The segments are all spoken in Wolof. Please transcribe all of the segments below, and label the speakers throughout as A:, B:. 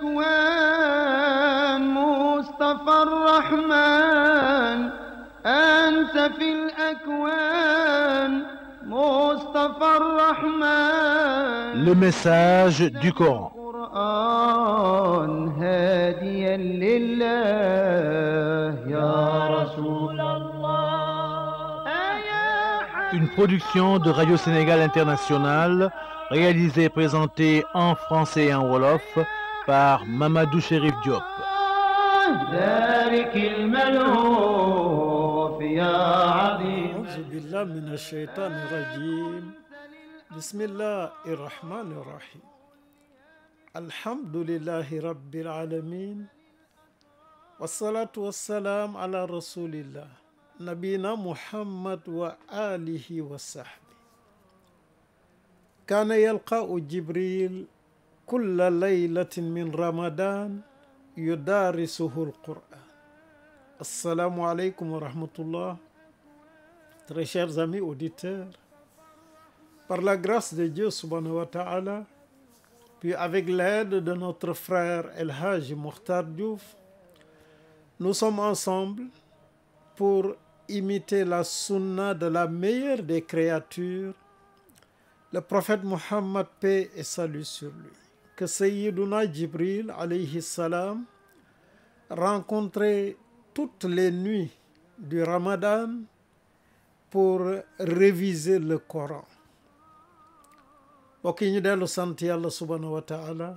A: الأكوان message du Coran القرآن هاديا لله يا رسول Une production de Radio Sénégal Internationale réalisée et présentée en français et en wolof par Mamadou Chérif Diop. aouzubillah mina shaytaani rajiim bismillahi rahmaani rahiim alhamdulillahi rabbil aalamiin wasalaatu wasalaam ala rasulillah nabina muhammad wa alihi wa sahbi kaana yalqaa'u jibril kulla laylatin min ramadan yudarisuhu alquran assalamu aleykum wa rahmatullah très chers amis auditeurs par la grâce de Dieu subhanahu wa ta'ala puis avec l'aide de notre frère El Hadji Mokhtar Diouf nous sommes ensemble pour imiter la sunna de la meilleure des créatures le prophète Mohammed paix et salut sur lui que Sayyiduna Jibril alayhi salam rencontrait toutes les nuits du Ramadan pour réviser le Coran mbokk yi ñu dellu sant yàlla subhanahu wa ta'ala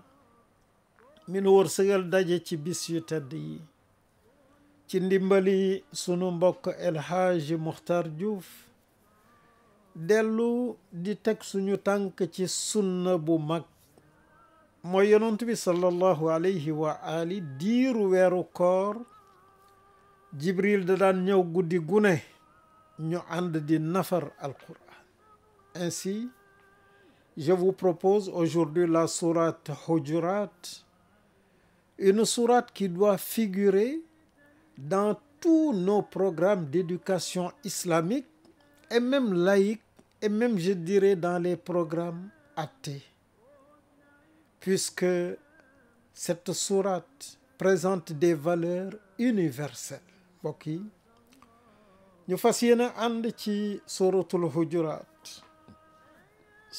A: mi nu wërsëgal daje ci bis yu yi ci ndimbali sunu mbokk El Hadji Mokhtar dellu di teg suñu tànk ci sunna bu mag mooy yonent bi sallallahu alayhi wa diiru weeru koor jibril da daan ñëw guddi gune ñu ànd di nafar alquran ainsi je vous propose aujourd'hui la sourate Hujurat une sourate qui doit figurer dans tous nos programmes d'éducation islamique et même laïque et même je dirais dans les programmes at puisque cette sourate présente des valeurs universelles mbokk yi ñu fas yéene ànd ci suratul hujurat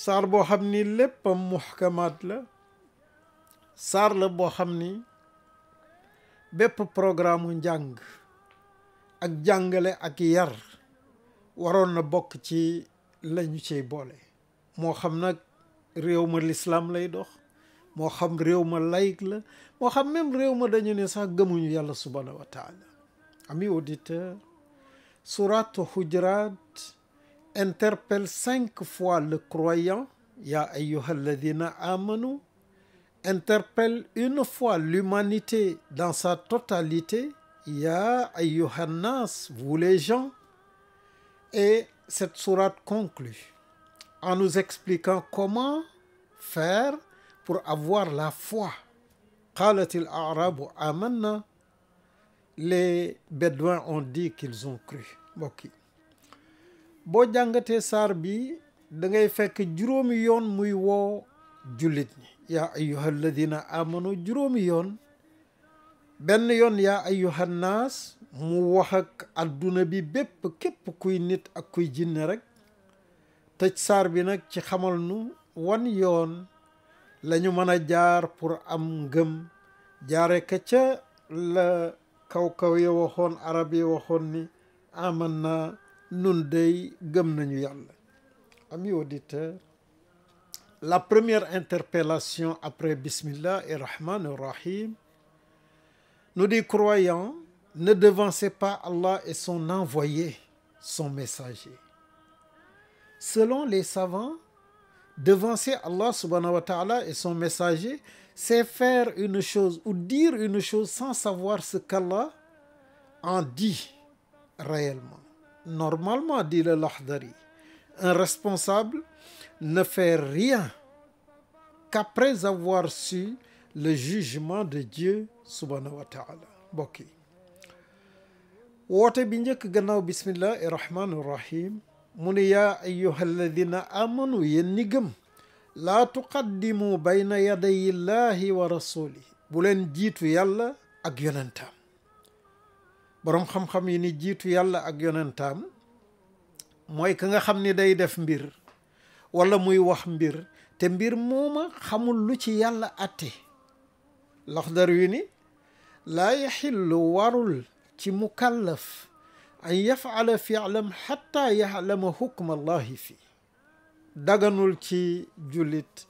A: saar boo xam ni léppam muhkamaat la saar la boo xam ni bépp programme njàng ak jàngale ak yar waroon na bokk ci lañu ciy boole moo xam nag réew ma lislaam lay dox moo xam réew ma la moo xam même réew ma dañu ne sax gëmuñu yàlla subhanahu wa taala amis auditeurs sourate Hujurat interpelle cinq fois le croyant ya ayyuha alladhina amanu interpelle une fois l'humanité dans sa totalité ya ayyuha nas vous les gens et cette sourate conclut en nous expliquant comment faire pour avoir la foi qalat al arabu amanna les bédouins ont dit qu'ils ont cru mbokk boo jàngatee saar bi da ngay fekk juróomi yoon muy woo jullit ñi yaa ayyuha alladina juróomi yoon benn yoon ya ayyuha naas mu wax ak adduna bi bépp képp kuy nit ak kuy jinne rek tëj saar bi nag ci xamal nu wan yoon la ñu mën a jaar pour am ngëm jaare ka ca la kaw-kaw ya waxoon arab ya waxoon na nun dey gëm nañu yàlla ami auditeur la première interpellation après bismillah et rahman et rahim nous dit croyants ne devancez pas Allah et son envoyé son messager selon les savants devancer Allah subhanahu wa ta'ala et son messager, c'est faire une chose ou dire une chose sans savoir ce qu'Allah en dit réellement. Normalement, dit le Lahdari, un responsable ne fait rien qu'après avoir su le jugement de Dieu subhanahu wa ta'ala bokki woote bi njëkk gannaaw bismillah e rahmaani rahim mu ne yaa ayyuha alladina amanu yéen ñi gëm laa tuqaddimu bayna yaday illahi wa rasulihi bu leen jiitu yàlla ak yonentaam boroom xam-xam yi ni jiitu yàlla ak yonentaam mooy ka nga xam ni day def mbir wala muy wax mbir te mbir mooma xamul lu ci yàlla atte laxdar wi ni laa yaxillu warul ci mukallaf an yafala filam xatta yaxlama xukma allahi fi daganul ci jullit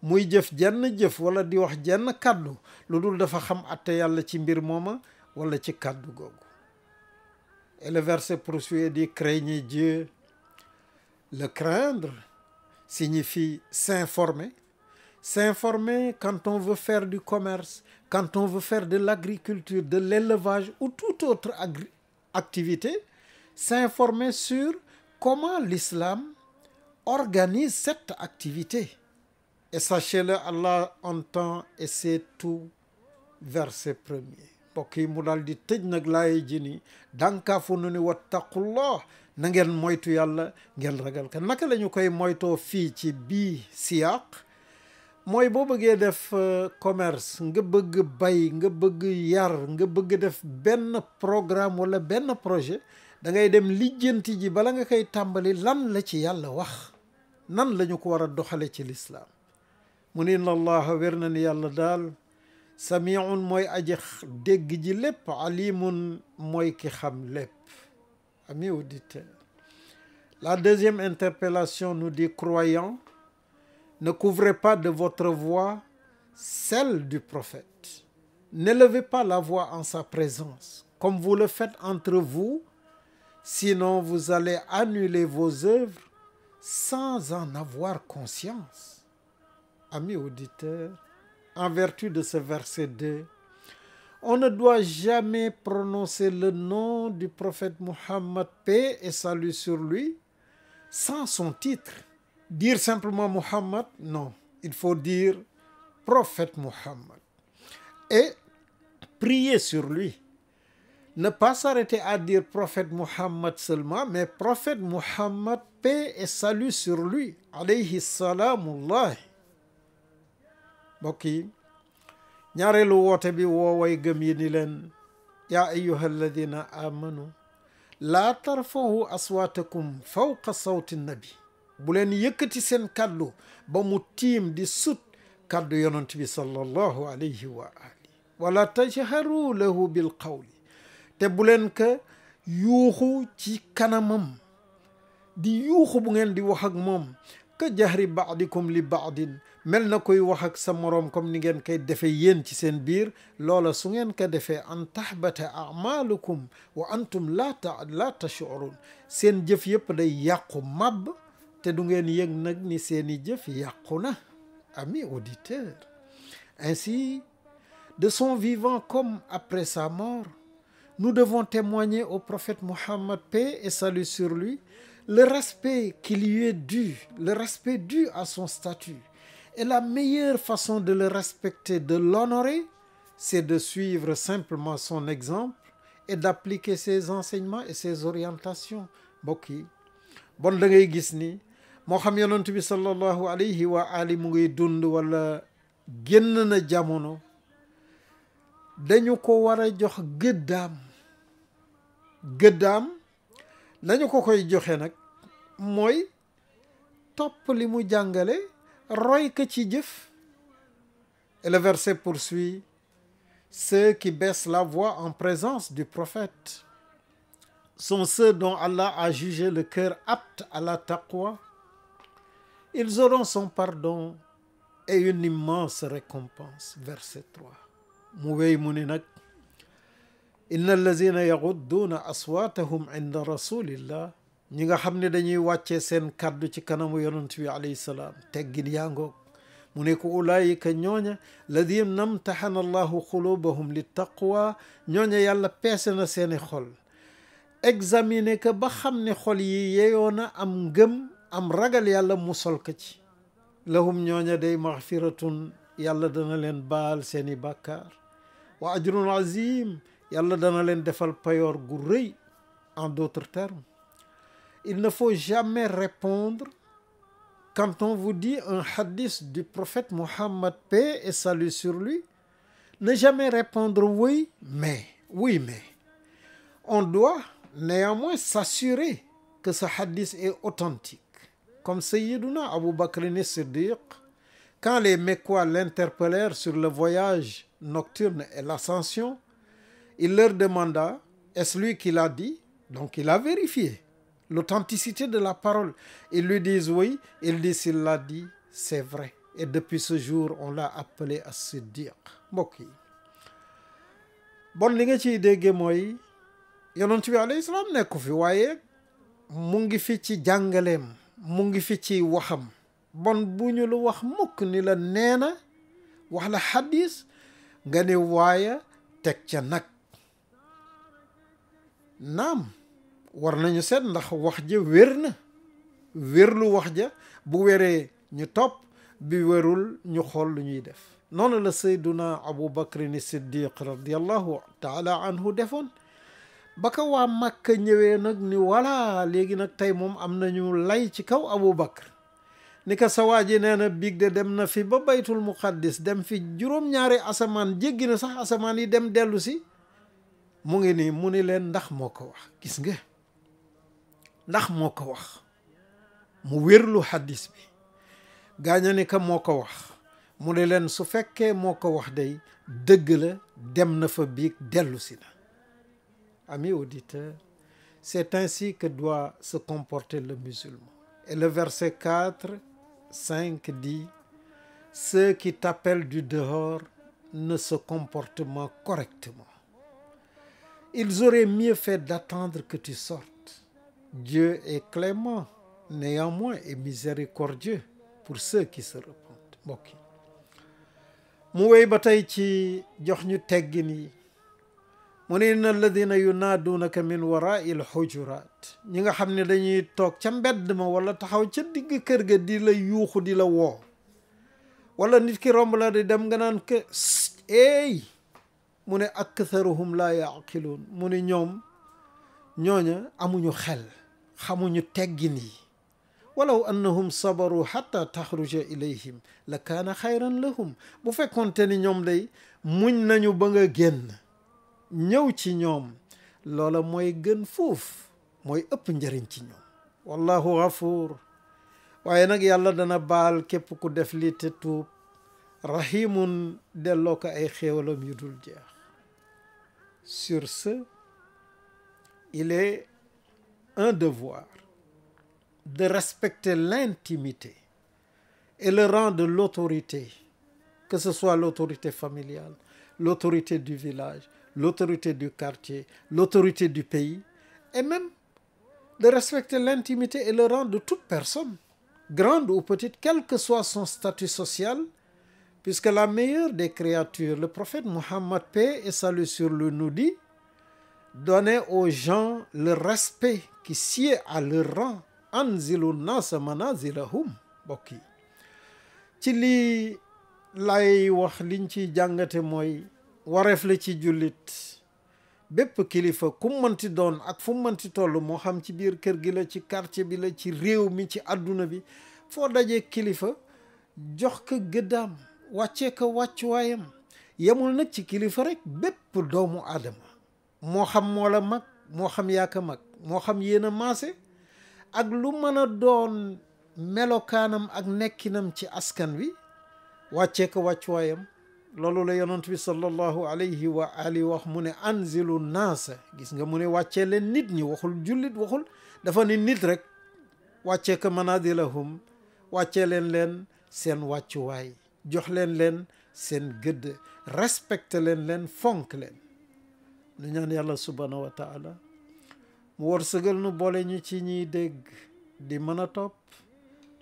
A: muy jëf jenn jëf wala di wax jenn kaddu lu dul dafa xam atte yàlla ci mbir mooma wala ci kàddu googu et le verset poursuit dit craignez Dieu le craindre signifie s'informer s'informer quand on veut faire du commerce quand on veut faire de l'agriculture de l'élevage ou toute autre agri activité, s'informer sur comment l'islam organise cette activité. Et sachez-le, Allah entend et sait tout verset premier mbokk yi mu daal di tëj nag laay jini ni dànkaafu nu ni wattaqullah na ngeen moytu yàlla ngeen ragal naka lañu koy moytoo fii ci bii siyaaq mooy boo bëggee def euh, commerce nga bëgg bay nga bëgg yar nga bëgg def benn programme wala benn projet da ngay dem lijjanti ji bala nga koy tàmbali lan la ci yàlla wax nan la ñu ko war a doxale ci lislam mu inna allaha wér na ni yàlla daal samiun mooy aji dégg ji lépp alimun mooy ki xam lépp amis auditeurs la deuxième interpellation nous dit croyant Ne couvrez pas de votre voix celle du prophète. N'élevez pas la voix en sa présence, comme vous le faites entre vous, sinon vous allez annuler vos œuvres sans en avoir conscience. Amis auditeurs, en vertu de ce verset 2, on ne doit jamais prononcer le nom du prophète Mohammed, paix et salut sur lui, sans son titre dire simplement Muhammad non il faut dire prophète Muhammad et prier sur lui ne pas s'arrêter à dire prophète Muhammad mais prophète Muhammad paix et salut sur lui alayhi salaamullah mbokk yi ñaareelu woote bi wooway gëm yi ni leen yaa ayuha alladina amanu laa tarfahu aswaatakum bu leen yëkkati seen kàddu ba mu tiim di sut kàddu yonent bi sallallahu alayhi wa ali wala tajharu lahu bil te bu leen ka yuuxu ci kanamam di yuuxu bu ngeen di wax ak moom ka jahri baadikum li baadin mel na koy wax ak sa moroom comme ni ngeen koy defee yéen ci seen biir loola su ngeen ko defee an tahbata amalukum wa antum laa ta laa tashurun seen jëf yëpp day yàqu màbb te du ngeen yëg nag ni seeni jëf yàqu na amis auditeurs ainsi de son vivant comme après sa mort nous devons témoigner au prophète Mohammed paix et salut sur lui le respect qui lui est dû le respect dû à son statut et la meilleure façon de le respecter de l'honorer c'est de suivre simplement son exemple et d'appliquer ses enseignements et ses orientations mbokk yi bon da ngay gis moo xam yonent bi sallallahu alayhi wa ali mu ngi dund wala génn na jamono dañu ko war a jox gëddaam gëddaam nañu ko koy joxe nag mooy topp li mu jàngale roy ko ci jëf et le verset poursuit ceux qui baissent la voix en présence du prophète sont ceux dont Allah a jugé le cœur apte à la taqwa ils auront son pardon et une immense récompense verset 3 mu wéy mu ni nag inna allazina yagudduuna aswaatahum inda rasulillah ñi nga xam ne dañuy wàccee seen kàddu ci kanamu yonent bi alayhi salaam teggin yaa ngoog mu ne ko ulaayika ñooña ladina amtaxana allahu xulubahum li taqwa ñooña yàlla peese na seeni xol examiner que ba xam ne xol yi am ngëm am ragal yàlla mu sol ko ci lahum ñooña day maxfiratun yàlla dana leen baal seeni bàkkaar wa ajrun azim yàlla dana leen defal payoor gu rëy en d'autres termes il ne faut jamais répondre quand on vous dit un hadith du prophète Mohammed paix et salut sur lui ne jamais répondre oui mais oui mais on doit néanmoins s'assurer que ce hadith est authentique comme Sayyiduna Abu Bakr as-Siddiq quand les Mecquois l'interpellèrent sur le voyage nocturne et l'ascension il leur demanda est-ce lui qui l'a dit donc il a vérifié l'authenticité de la parole ils lui disent oui ils l'a dit c'est vrai et depuis ce jour on l'a appelé as-Siddiq mbokk yi bon li nga ciy dégge mooy yonent bi alayhi nekku fi waaye mu ngi fi ci jàngaleem mu ngi fi ci waxam bon bu ñu lu wax mukk ni la nee na wax la xadis nga ne waaye teg ca nag naam war nañu seet ndax wax ja wér na wér lu wax ja bu wéree ñu topp bi wérul ñu xool lu ñuy def noonu la sayduna abu bakrin siddiq radiallahu taala anhu defoon ba ko waa Makka ñëwee nag ni voilà léegi nag tey moom am nañu lay ci kaw Aboubacar ni ko sa waa ji nee na biig de dem na fi ba baytul muqaddis dem fi juróom-ñaari asamaan jéggi na sax asamaan yi dem dellu si mu ngi nii mu ni leen ndax moo ko wax gis nga ndax moo ko wax mu wérlu xaddis bi gaaña ni ka moo ko wax mu ne leen su fekkee moo ko wax day dëgg la dem na fa biig dellusi na amis auditeurs, c'est ainsi que doit se comporter le musulman. Et le verset 4, 5 dit, Ceux qui t'appellent du dehors ne se comportent pas correctement. Ils auraient mieux fait d'attendre que tu sortes. Dieu est clément, néanmoins, et miséricordieux pour ceux qui se repentent mbokk yi mu ci jox ñu mu ne inna alladina yunaaduunaka min warai alxujuraat ñi nga xam ne dañuy toog ca mbedd ma wala taxaw ca digg kër ga di la yuuxu di la woo wala nit ki romb la di dem nga naan ke eey mu ne aktharuhum laa yaqiluun mu ne ñoom ñooña amuñu xel xamuñu teggi yi walaw annahum sabaru xata taxruja ilayhim la kaana xayran lahum bu fekkoonte ni ñoom day muñ nañu ba nga génn ñëw ci ñoom loola mooy gën fuuf mooy ëpp njëriñ ci ñoom wallahu gafuur waaye nag yàlla dana baal képp ku def li te tuub rahimun delloo ko ay xéewalam yu dul jeex sur ce il est un devoir de respecter l'intimité et le rang de l'autorité que ce soit l'autorité familiale l'autorité du village l'autorité du quartier, l'autorité du pays, et même de respecter l'intimité et le rang de toute personne, grande ou petite, quel que soit son statut social, puisque la meilleure des créatures, le prophète Mohammed, paix et salut sur le nous dit, donnez aux gens le respect qui sied à leur rang, anzilu nnaasa manazilahum bokk yi ci lii lay wax liñ ci jàngate mooy wareef la ci jullit bépp kilifa ku mënti doon ak fu mënti toll moo xam ci biir kër gi la ci quartier bi la ci réew mi ci àdduna bi foo dajee kilifa jox ko gëddaam wàccee ko wàccuwaayam yemul nag ci kilifa rek bépp doomu aadama moo xam moo la mag moo xam yaa mag moo xam yéen a maase ak lu mën a doon melokaanam ak nekkinam ci askan wi wàccee ko wàccuwaayam loolu la yonent bi sallallahu alayhi wa ali wax mu ne anzilu naasa gis nga mu ne wàccee leen nit ñi waxul jullit waxul dafa ne nit rek wàccee ka manazilahum wàccee leen leen seen wàccuwaay jox leen leen seen gëdd respecté leen leen fonk leen nu ñaan yàlla subhaanahu wa taala mu wërsëgal nu boole ñu ci ñiy dégg di mën a topp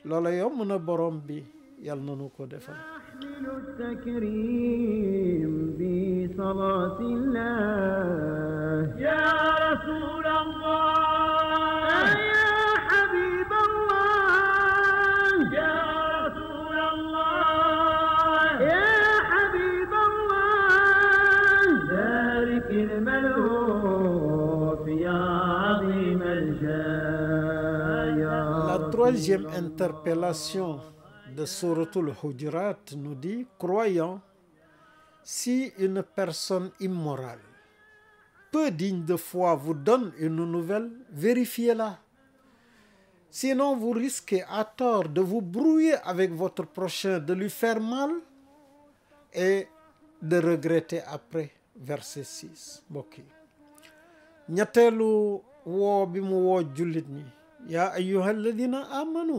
A: loola yomb na borom bi yàlla na nu ko defal ya rasulallah La troisième interpellation de Suratul Hujurat nous dit, croyant, si une personne immorale, peu digne de fois vous donne une nouvelle, vérifiez-la. Sinon, vous risquez à tort de vous brouiller avec votre prochain, de lui faire mal et de regretter après. verset 6 mbokk yi ñetteelu woo bi mu woo jullit ñi yaa ayyuha alladina amanu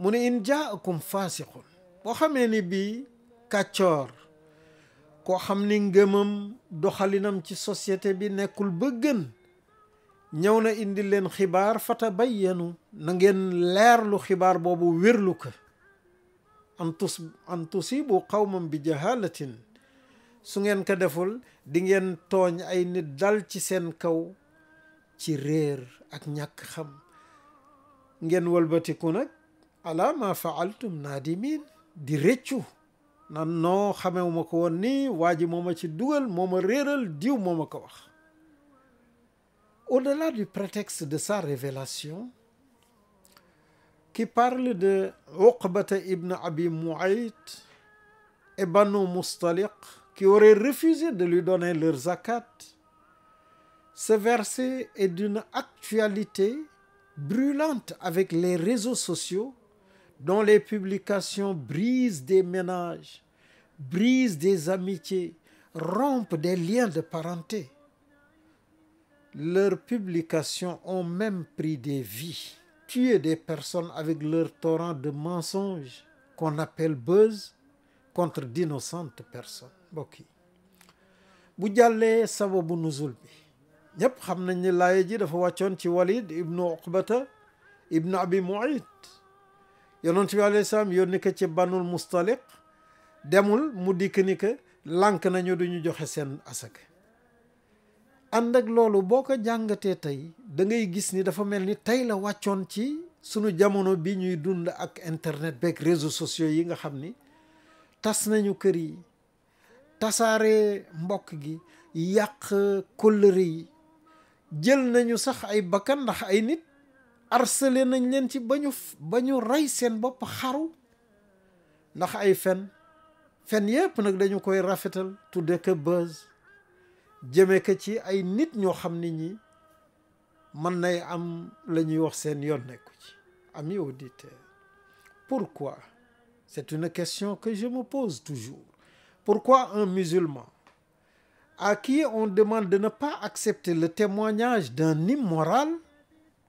A: mu ne in jaakum faasiqun boo xamee ni bii kàccoor koo xam ni ngëmam doxalinam ci société bi nekkul ba gën ñëw na indi leen xibaar ba fatabayyanu na ngeen leerlu xibaar boobu wérlu ko an tus an tusibu qawman bi jahalatin su ngeen ko deful dingeen tooñ ay nit dal ci seen kaw ci réer ak ñàkk xam ngeen wëlbatiku nag ala ma faaltum naadimin di réccu nan noo xamewuma ko woon ni waa ji moo ma ci dugal moo ma réeral diw moo ma ko wax au-delà du prétexte de sa révélation qui parle de Uqbata ibn Abi Muayt et Banu Mustaliq qui auraient refusé de lui donner leur zakat ce verset est d'une actualité brûlante avec les réseaux sociaux dont les publications brisent des ménages, brisent des amitiés, rompent des liens de parenté. leur publication ont même pris des vies, tué des personnes avec leur torrent de mensonges qu'on appelle buzz contre d'innocentes personnes mbokk yi bu jàllee sababu nuzul bi ñëpp xam nañ ne laaya ji dafa wàccoon ci Walid ibnu Uqbata ibnu Abi Mu'ayt yonent bi alayhi salaam yónni ko ci banul mustaliq demul mu dikk ni que lànk nañu duñu joxe seen asaka ànd ak loolu boo ko jàngatee tey da ngay gis ni dafa mel ni tey la wàccoon ci sunu jamono bi ñuy dund ak internet beeg réseaux sociaux yi nga xam ni tas nañu kër yi tasaare mbokk gi yàq kóllëre yi jël nañu sax ay bakkan ndax ay nit harcelé nañ leen ci ba ñu ba ñu rey seen bopp xaru ndax ay fen fen yépp nag dañu koy rafetal de ko base jëme ko ci ay nit ñoo xam ni ñi mën nay am la ñuy wax seen yoon nekku ci amis auditeurs pourquoi c'est une question que je me pose toujours pourquoi un musulman à qui on demande de ne pas accepter le témoignage d'un morale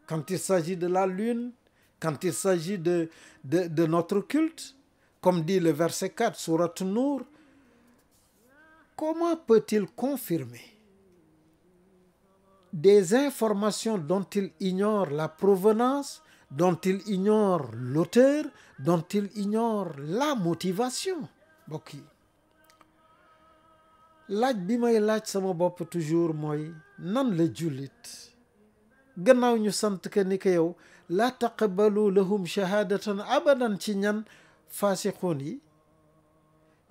A: quand il s'agit de la lune, quand il s'agit de, de, notre culte, comme dit le verset 4, Sourate Nour, comment peut-il confirmer des informations dont il ignore la provenance, dont il ignore l'auteur, dont il ignore la motivation mbokk yi laaj bi may laaj sama bopp toujours mooy nan le jullit gannaaw ñu sant que ni ko yow laa taqabalu lahum shahadatan abadan ci ñan faasixoon yi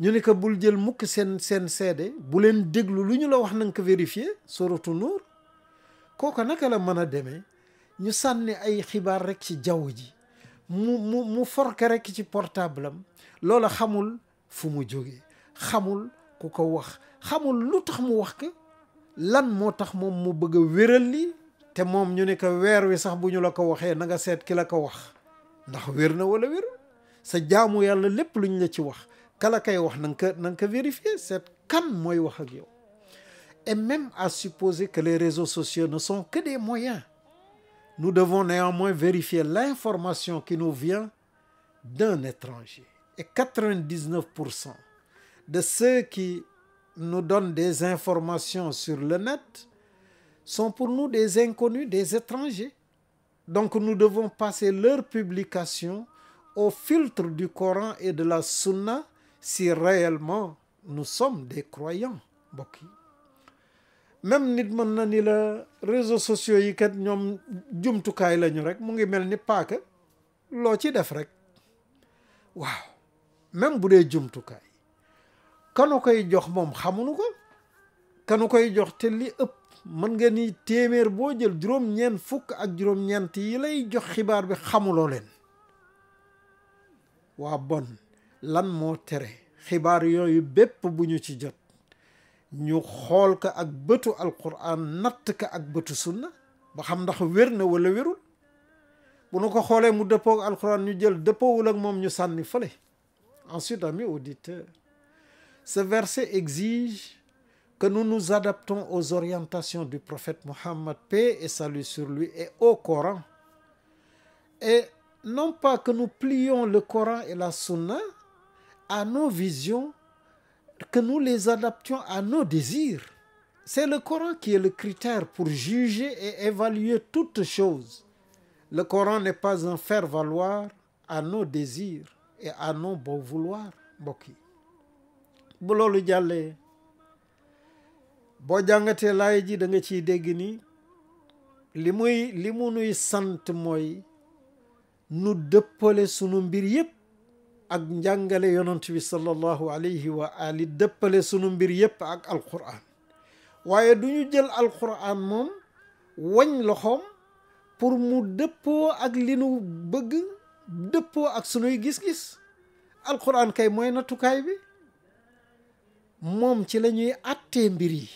A: ñu ne ko bul jël mukk seen seen seede bu leen déglu lu ñu la wax nanga ko vérifié suratu nuur kooku naka la mën a demee ñu sànni ay xibaar rekk ci jaww ji mu mu forke rek ci portable am loola xamul fu mu jógee xamul ku ko wax xamul lu tax mu wax ko lan moo tax moom mu bëgg a wéral li te moom ñu ne ko weer wi sax bu ñu la ko waxee na seet ki la ko wax ndax wér na wala wér sa jaamu yàlla lépp lu luñ la ci wax kala wax na nga ko na nga ko vérifier seet kan mooy wax ak yow et même à supposer que les réseaux sociaux ne sont que des moyens nous devons néanmoins vérifier l'information qui nous vient d'un étranger et 99 pour cent de ceux qui nu donnent des informations sur le net sont pour nous des inconnus, des étrangers. Donc nous devons passer leur publication au filtre du Coran et de la Sunna si réellement nous sommes des croyants mbokk yi même nit mën na ni la réseaux sociaux yi kat ñoom jumtukaay lañu rek mu ngi mel ni paaka loo ci def rek waaw même bu dee jumtukaay kanu koy jox moom xamuñu ko kanu koy jox te li ëpp mën nga ni téeméer boo jël juróom-ñeent fukk ak juróom-ñeent yi lay jox xibaar bi xamuloo leen waa bon lan moo tere xibaar yooyu bépp bu ñu ci jot ñu xool ko ak bëtu alquran natt ko ak bëtu sunna ba xam ndax wér na wala wérul bu nu ko xoolee mu dëppoog alxuraan ñu jël dëppoowul ak moom ñu sànni fële ensuite amis auditeurs ce verset exige que nous nous adaptons aux orientations du prophète Mohammed, paix et salut sur lui, et au Coran. Et non pas que nous plions le Coran et la Sunna à nos visions, que nous les adaptions à nos désirs. C'est le Coran qui est le critère pour juger et évaluer toute chose. Le Coran n'est pas un faire-valoir à nos désirs et à nos bon vouloir mbokk yi bu loolu jàllee boo jàngatee laay ji danga ciy dégg ni li muy li mu nuy sant mooy nu dëppale sunu mbir yépp ak njàngale yonant bi sallallahu alayhi wa ali dëppale sunu mbir yépp ak alquran waaye du ñu jël alquran moom wañ loxoom pour mu dëppoo ak li nu bëgg dëppoo ak sunuy gis-gis alquran mooy nattukaay bi moom ci lañuy ñuy àttee mbir yi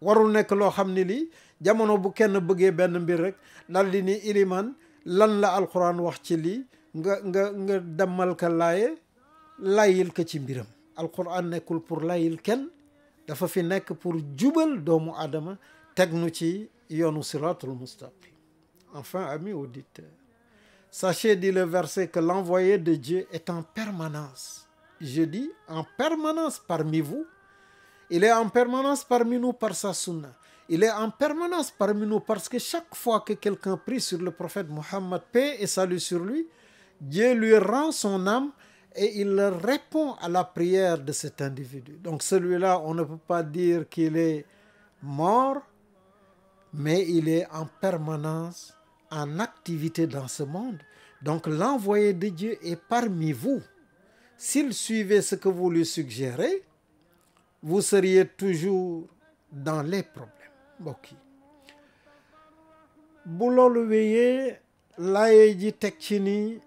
A: warul nekk loo xam ne li jamono bu kenn bëggee benn mbir rek dal di ni ilimaan lan la alquran wax ci lii nga nga nga dammal ka laaye layyil ko ci mbiram alquran nekkul pour layyil kenn dafa fi nekk pour jubal doomu aadama teg nu ci yoonu siratul mustaqim enfin amis auditeurs sachez dit le verset que l'envoyé de Dieu est en permanence je dis en permanence parmi vous Il est en permanence parmi nous par sa sunna. Il est en permanence parmi nous parce que chaque fois que quelqu'un prie sur le prophète Mohammed, paix et salut sur lui, Dieu lui rend son âme et il répond à la prière de cet individu. Donc celui-là, on ne peut pas dire qu'il est mort, mais il est en permanence en activité dans ce monde. Donc l'envoyé de Dieu est parmi vous. S'il suivait ce que vous lui suggérez, vous seriez toujours dans les problèmes mbokk yi bu loolu wéyee laaye ji teg ci ni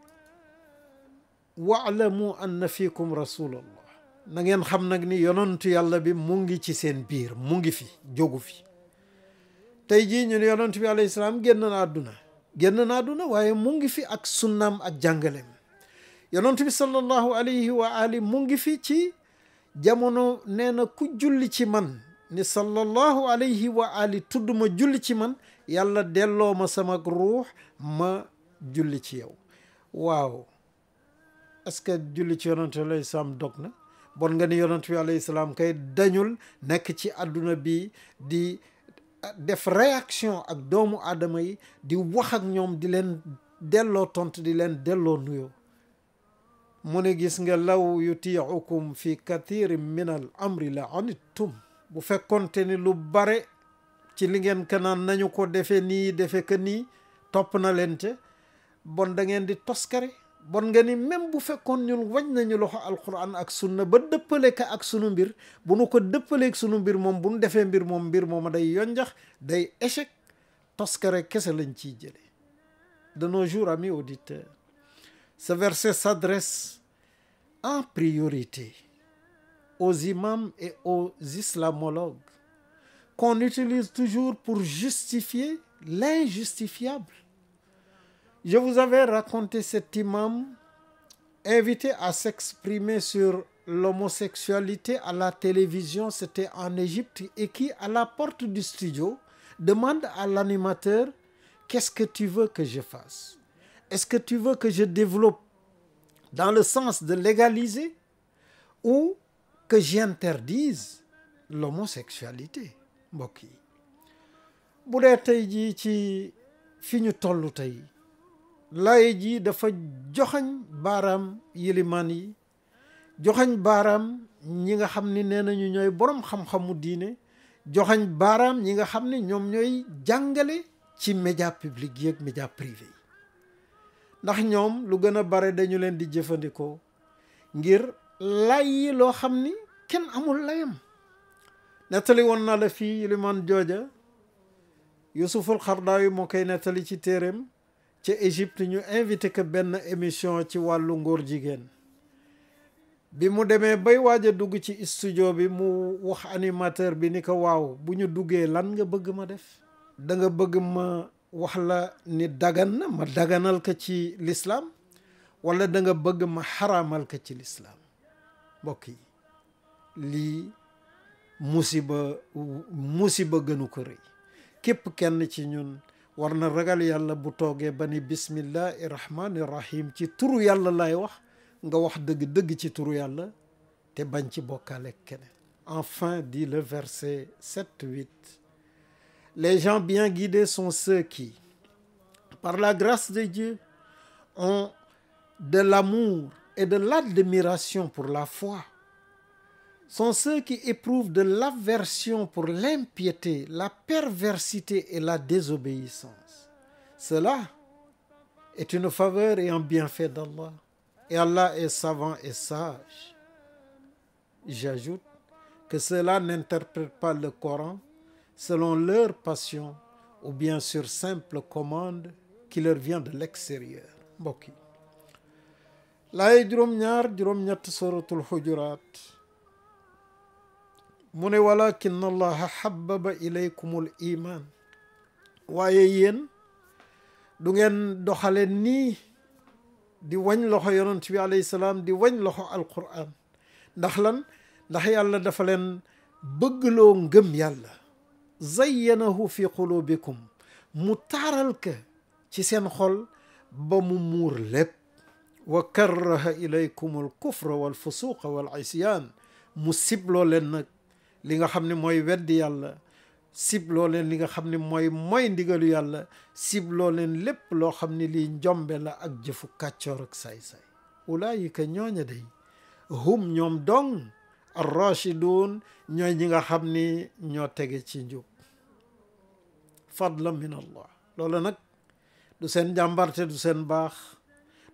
A: waalamu anna fiikum rasulallah na ngeen xam nag ni yonantu yàlla bi mu ngi ci seen biir mu ngi fi jógu fi tey jii ñun yonantu bi alayhi salaam génn na àdduna génn àdduna waaye mu ngi fi ak sunnaam ak jàngaleem yonantu bi sallallahu alayhi wa ali mu ngi fi ci jamono nee na ku julli ci man ni sallallahu alayhi wa ali tudd ma julli ci man yàlla delloo ma sama ruux ma julli ci yow waaw est-ce que julli ci yonent bi alayhi salaam dog na bon nga ni yonent bi alayhi salaam kay dañul nekk ci àdduna bi di def réaction ak doomu aadama yi di wax ak ñoom di leen delloo tontu di leen delloo nuyoo mu ne gis nga law yutiicukum fi kathirin min al amri la anittum bu fekkonte ni lu bare ci li ngeen kanaan nañu ko defe nii defe ka nii topp na leen te bon dangeen di toskare bon nga ni même bu fekkoon ñun wañ nañu loxo alquran ak sunna ba dëppale ka ak sunu mbir bu nu ko dëppaleek sunu mbir moom bu nu defee mbir moom mbir mooma day yonjax day échec toskare kese lañ ci jële de nos jours amis auditeurs Ce verset s'adresse en priorité aux imams et aux islamologues qu'on utilise toujours pour justifier l'injustifiable. Je vous avais raconté cet imam invité à s'exprimer sur l'homosexualité à la télévision, c'était en Égypte, et qui, à la porte du studio, demande à l'animateur, qu'est-ce que tu veux que je fasse? est-ce que tu veux que je développe dans le sens de légaliser ou que j'interdise l'homosexualité mbokk yi bu dee tey jii ci fi ñu toll tey lay ji dafa joxañ baaraam yilimaan yi joxañ baaraam ñi nga xam ni nee nañu ñooy borom xam-xamu diine joxañ baaraam ñi nga xam ni ñoom ñooy jàngale ci média public yi ak média privé yi ndax ñoom lu gën a bare dañu leen di jëfandikoo ngir lay yi loo xam ni kenn amul layam nettali woon na la fii limaan jooja yusuful xardaawi moo koy nettali ci téereem ca Égypte ñu invité que benn émission ci wàllu ngóor jigéen bi mu demee bay waaja dugg ci studio bi mu wax animateur bi ni ko waaw bu ñu duggee lan nga bëgg ma def danga nga bëgg ma wax la ni dagan na ma daganal ko ci lislaam wala danga bëgg ma xaraamal ko ci lislaam mbokk yi lii musiba musiba gënu ko rëy képp kenn ci ñun war na ragal yàlla bu toogee ba ni bismillahi rahmani ci turu yàlla laay wax nga wax dëgg-dëgg ci turu yàlla te bañ ci bokkaale keneen enfin di le verset sept huit Les gens bien guidés sont ceux qui, par la grâce de Dieu, ont de l'amour et de l'admiration pour la foi. Sont ceux qui éprouvent de l'aversion pour l'impiété, la perversité et la désobéissance. Cela est une faveur et un bienfait d'Allah. Et Allah est savant et sage. J'ajoute que cela n'interprète pas le Coran selon leur passion ou bien sur simple commande qui leur vient de l'extérieur mbokk yi laay juróom-ñaar juróom-ñett suratul xujuraat mu ne walakin allaha xababa ilaykumul iman waaye yéen du ngeen doxale nii di wañ loxo yonent bi alayhi salaam di wañ loxo alquran ndax lan ndax yàlla dafa leen bëggloo ngëm yàlla zayyanahu fi qulubikum mu taaral ka ci seen xol ba mu muur lépp wa karraha ilaykum al kufra wal fusuqa wal isyaan mu sibloo leen nag li nga xam ni mooy weddi yàlla sibloo leen li nga xam ni mooy mooy ndigalu yàlla sibloo leen lépp loo xam ni lii njombe la ak jëfu kàccoor ak saay-saay ulaayika ñooña day hum ñoom dong arrachidun ñooy ñi nga xam ni ñoo tege ci njub fadlan min allah loola nag du seen jàmbarte du seen baax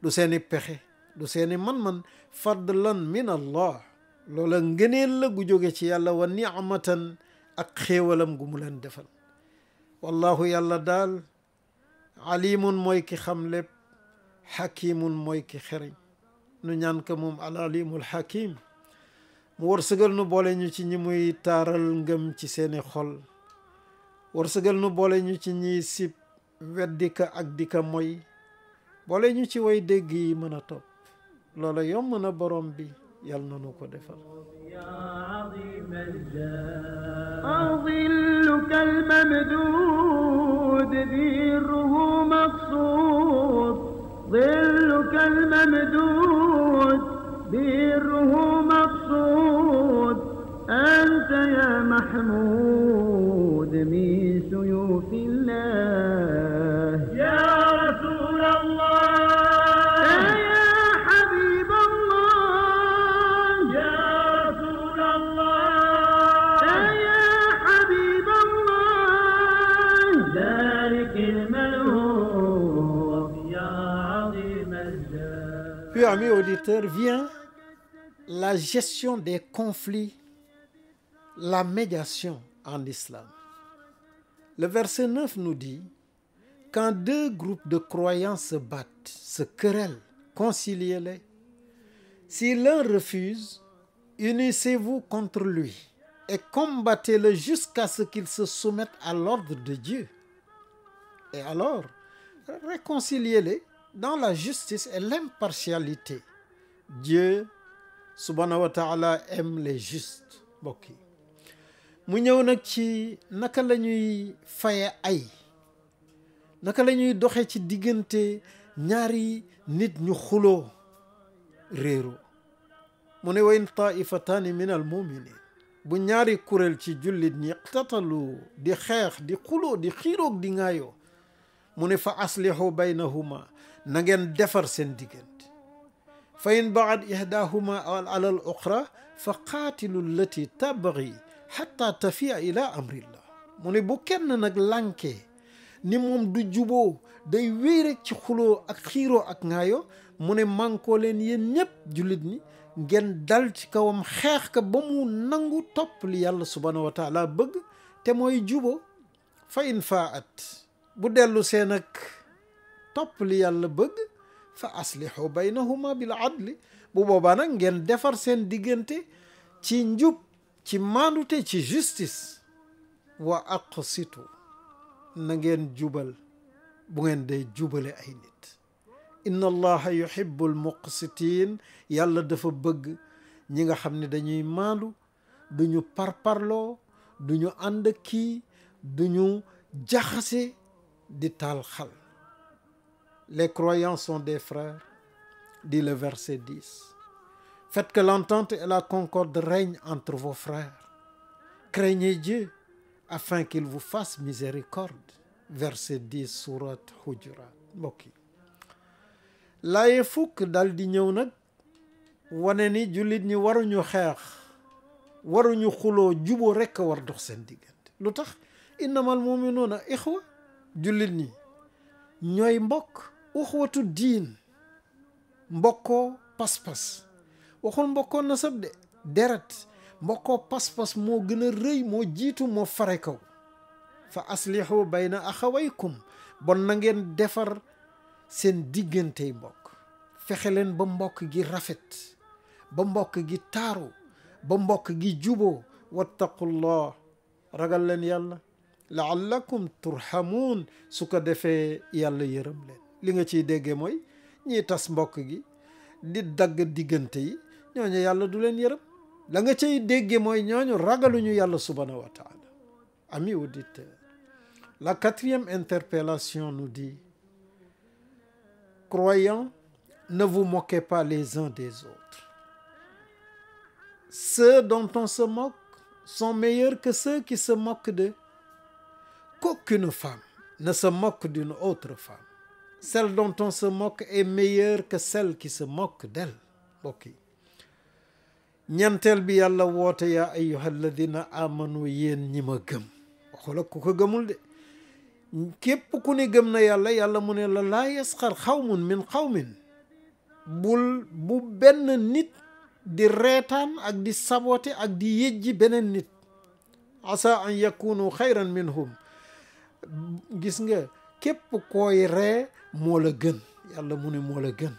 A: du seeni pexe du seeni man-man fadlan min allah loola ngëneel la gu jóge ci yàlla wa nicmatan ak xéewalam gu mu leen defal wallahu yàlla daal alimun mooy ki xam lépp xakimun mooy ki xereñ nu ñaan ko moom al xakim mu wërsëgal nu boole ñu ci ñi muy taaral ngëm ci seeni xol wërsëgal nu boole ñu ci ñiy sib weddika ak dika moy boole ñu ci way dégg yi mën a topp loola yomb na borom bi yàlla na nu ko defal anta ya mahmud خذ من سيوف الله يا رسول الله Puis, amis auditeurs, vient la gestion des conflits, la médiation en islam. Le verset 9 nous dit, Quand deux groupes de croyants se battent, se querellent, conciliez-les. Si l'un refuse, unissez-vous contre lui et combattez-le jusqu'à ce qu'il se soumette à l'ordre de Dieu. Et alors, réconciliez-les dans la justice et l'impartialité. Dieu subhanahu wa aime les justes mbokk mu ñëw nag ci naka lañuy ñuy faye ay naka la ñuy doxe ci diggante ñaari nit ñu xuloo réero mu ne wayn taifataani min al muminin bu ñaari kuréel ci jullit ñi tatalu di xeex di xuloo di xiiroog di ŋaayoo mu ne fa aslihu baynahuma na ngeen defar seen diggante fa in baad ihdahuma ala al oxra fa qaatilu allati tabri xataa tafiya ila amrillah mu ne bu kenn nag lànkee ni moom du juboo day wéy ci xuloo ak xiiroo ak ŋaayoo mu ne mànkoo leen yéen ñëpp jullit ñi ngeen dal ci kawam xeex ka ba mu nangu topp li yàlla subhaanahu wa taala bëgg te mooy juboo fa in faat bu dellu seen ak topp li yàlla bëgg fa aslixu baynahuma bil adli bu boobaa nag ngeen defar seen diggante ci njub ci maandute ci justice wa aqsitu na ngeen jubal bu ngeen dee jubale ay nit inna allaha yuhibbu almuqsitin yàlla dafa bëgg ñi nga xam ni dañuy maandu duñu parparloo duñu ñu ànd kii du jaxase di taal xal les croyants sont des frères dit le verset Faites que l'entente et la concorde règnent entre vos frères. Craignez Dieu afin qu'il vous fasse miséricorde. Verset 10 surat Hujurat mbokk yi laaye fukk dal di ñëw nag wane ni jullit ñi waruñu xeex waruñu xuloo juboo rekk a war dox seen diggante lu tax innamal muminuuna ixwa jullit ñi ñooy mbokk uxwatu diin mbokkoo pas-pas waxul mbokkoo nasab de deret mbokkoo pas-pas moo gën a rëy moo jiitu moo fare kaw fa aslihu bayna axawaykum bon nangeen defar seen diggantey mbokk fexe leen ba mbokk gi rafet ba mbokk gi taaru ba mbokk gi juboo wattaqullah ragal leen yàlla laallakum turhamuun su ko defee yàlla yërëm leen li nga ciy déggee mooy ñiy tas mbokk gi di dagg diggante yi ñooñu yàlla du leen yërëm la nga cay dégge mooy ñooñu ragaluñu yàlla subhanahu wa taala amis la quatrième interpellation nu dit croyants ne vous moquez pas les uns des autres ceux dont on se moque sont meilleurs que ceux qui se moquent d'eux qu'aucune femme ne se moque d'une autre femme celle dont on se moque est meilleure que celle qui se moque d'elle ñenteel bi yàlla woote yaa ayyuha alladina amanu yéen ñi ma gëm waxula ku ko gëmul de képp ku ne gëm na yàlla yàlla mu ne la laa yasxar xawmun min xawmin bul bu benn nit di reetaan ak di sabote ak di yëjji beneen nit asa an yakunu xayran minhum gis nga képp kooy ree moo la gën yàlla mu ne moo la gën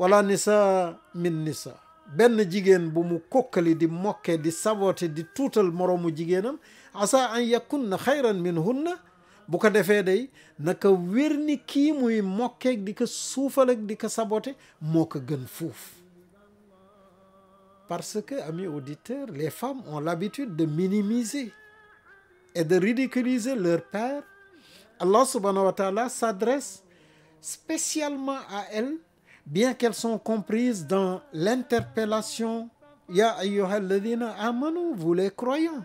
A: wala nisa min nisa benn jigéen bu mu kokkali di mokke di sabote di tuutal moroomu jigéenam en an na xayran min hunna bu ko defee day naka wér ni kii muy mokkeeg di ko suufal ak di ko sabote moo ko gën fuuf parce que amis auditeurs les femmes ont l'habitude de minimiser et de ridiculiser leur père Allah subhanahu wa ta'ala spécialement à elles bien qu'elles sont comprises dans l'interpellation ya ayyuhalladhina amanu vous les croyants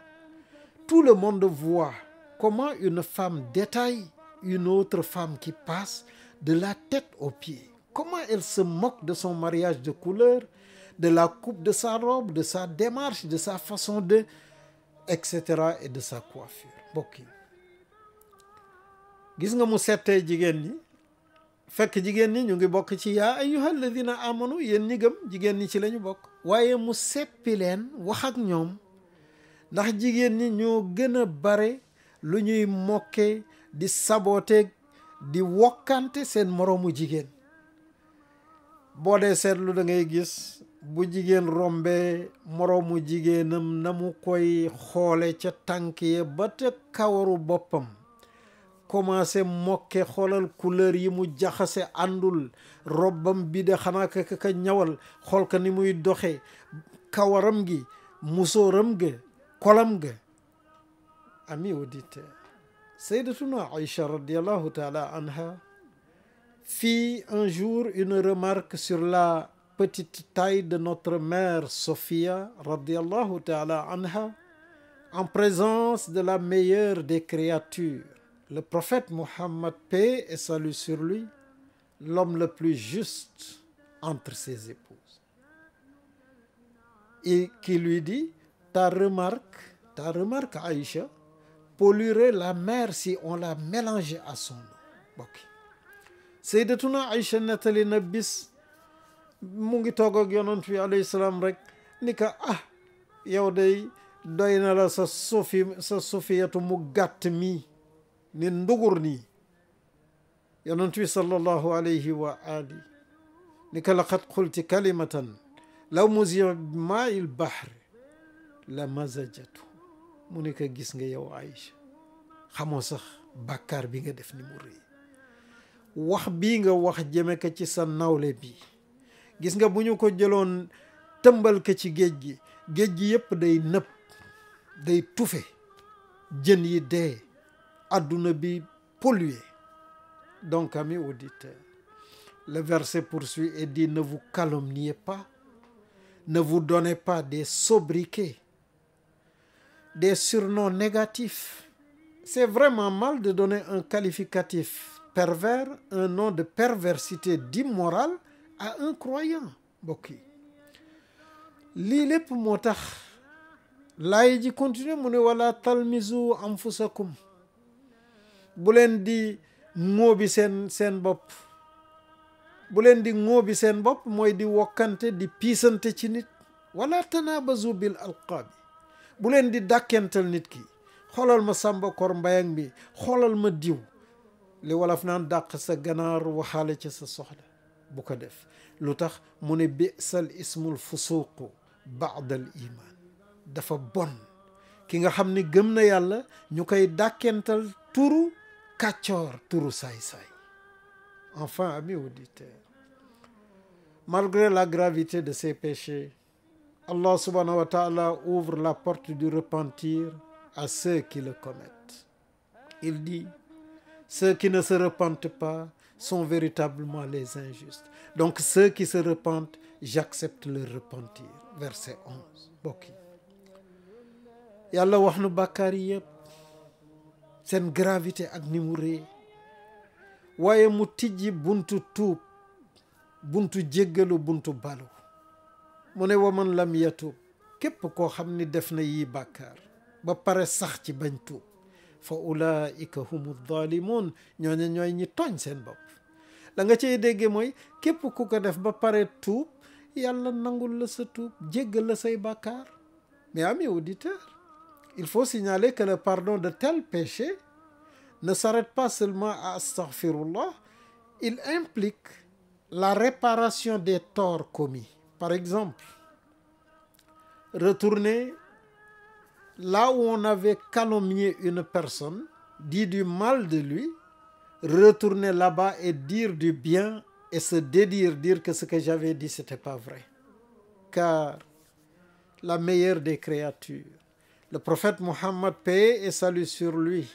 A: tout le monde voit comment une femme détaille une autre femme qui passe de la tête aux pieds comment elle se moque de son mariage de couleur de la coupe de sa robe de sa démarche de sa façon de etc et de sa mbokk yi gis nga mu settee jigéen ñi fekk jigéen ñi ñu ngi bokk ci yaa ayyuha alladina amanu yéen ñi gëm jigéen ñi ci lañu bokk waaye mu seppi leen wax ak ñoom ndax jigéen ñi ñoo gën a bare lu ñuy mokke di saboteeg di wokkante seen moroomu jigéen boo dee seetlu da ngay gis bu jigéen rombe moroomu jigéenam na mu koy xoole ca tànk ya ba te kawaru boppam commencé mokke xoolal couleur yi mu jaxase àndul robbam bi de xanaa ka ñawal xool ka ni muy doxe kawaram gi musóoram ga kolam ga ami auditeur sayyidatuna Aïcha radiallahu taala anha fit un jour une remarque sur la petite taille de notre mère Sophia radiallahu taala anha en présence de la meilleure des créatures Le prophète Mohammed, paix et salut sur lui, l'homme le plus juste entre ses épouses. Et qui lui dit, ta remarque, ta remarque Aïcha, polluerait la mer si on la mélangeait à son eau bokki Seydatuna Aïcha nettali na bis mu ngi toog ak yonent bi alayhi salaam rek ni ka ah yow day doy na sa sufi sa sufiyatu mu gàtt mii ni ndugur nii yonent bi sallallahu wa ali ni ka laqad qulti kalimatan law muziba bi maai lbahr la mazajatu mu ne ko gis nga yow Aïcha xamoo sax bàkkaar bi nga def ni mu rëy wax bi nga wax jëme ko ci sa nawle bi gis nga bu ñu ko jëloon tëmbal ko ci géej gi géej gi yëpp day nëpp day tufe jën yi dee adduna bi pollué donc amis auditeurs le verset poursuit et dit ne vous calomniez pas ne vous donnez pas des sobriquets des surnoms négatifs c'est vraiment mal de donner un qualificatif pervers un nom de perversité d'immorale à un croyant mbokk yi lii lépp moo tax laay ji continuer mu wala talmizu anfusakum bu leen di ŋóobi seen seen bopp bu leen di ŋóobi seen bopp mooy di wokkante di piisante ci nit wala tanaabazu bil alqaabi bu leen di dàkkental nit ki xoolal ma sàmba kor mbayang bi xoolal ma diw li wolof naan dàq sa ganaar waxaale ci sa soxla bu ko def lu tax mu ne bisal ismul fusuqu baadal iman dafa bon ki nga xam ne gëm na yàlla ñu koy dàkkental turu kàccoor turu saay-saay enfin amis auditeurs malgré la gravité de ces péchés Allah subhanahu wa ta'ala ouvre la porte du repentir à ceux qui le commettent il dit ceux qui ne se repentent pas sont véritablement les injustes donc ceux qui se repentent j'accepte le repentir verset 11 bokki yàlla wax seen gravité ak ni mu rëy waaye mu tijji buntu tuub buntu jéggalu buntu balu mu ne waman lam yatub képp koo xam ni def na yi bàkkaar ba pare sax ci bañ tuub fa ulaika humu dalimun ñooñu ñooy ñi tooñ seen bopp la nga cey dégge mooy képp ku ko def ba pare tuub yàlla nangul la sa tuub jéggal la say bàkkaar mais ami auditeur il faut signaler que le pardon de tel péché ne s'arrête pas seulement à astaghfirullah il implique la réparation des torts commis par exemple retourner là où on avait calomnié une personne dit du mal de lui retourner là-bas et dire du bien et se dédire dire que ce que j'avais dit c'était pas vrai car la meilleure des créatures Le prophète Mohammed, paix et salut sur lui,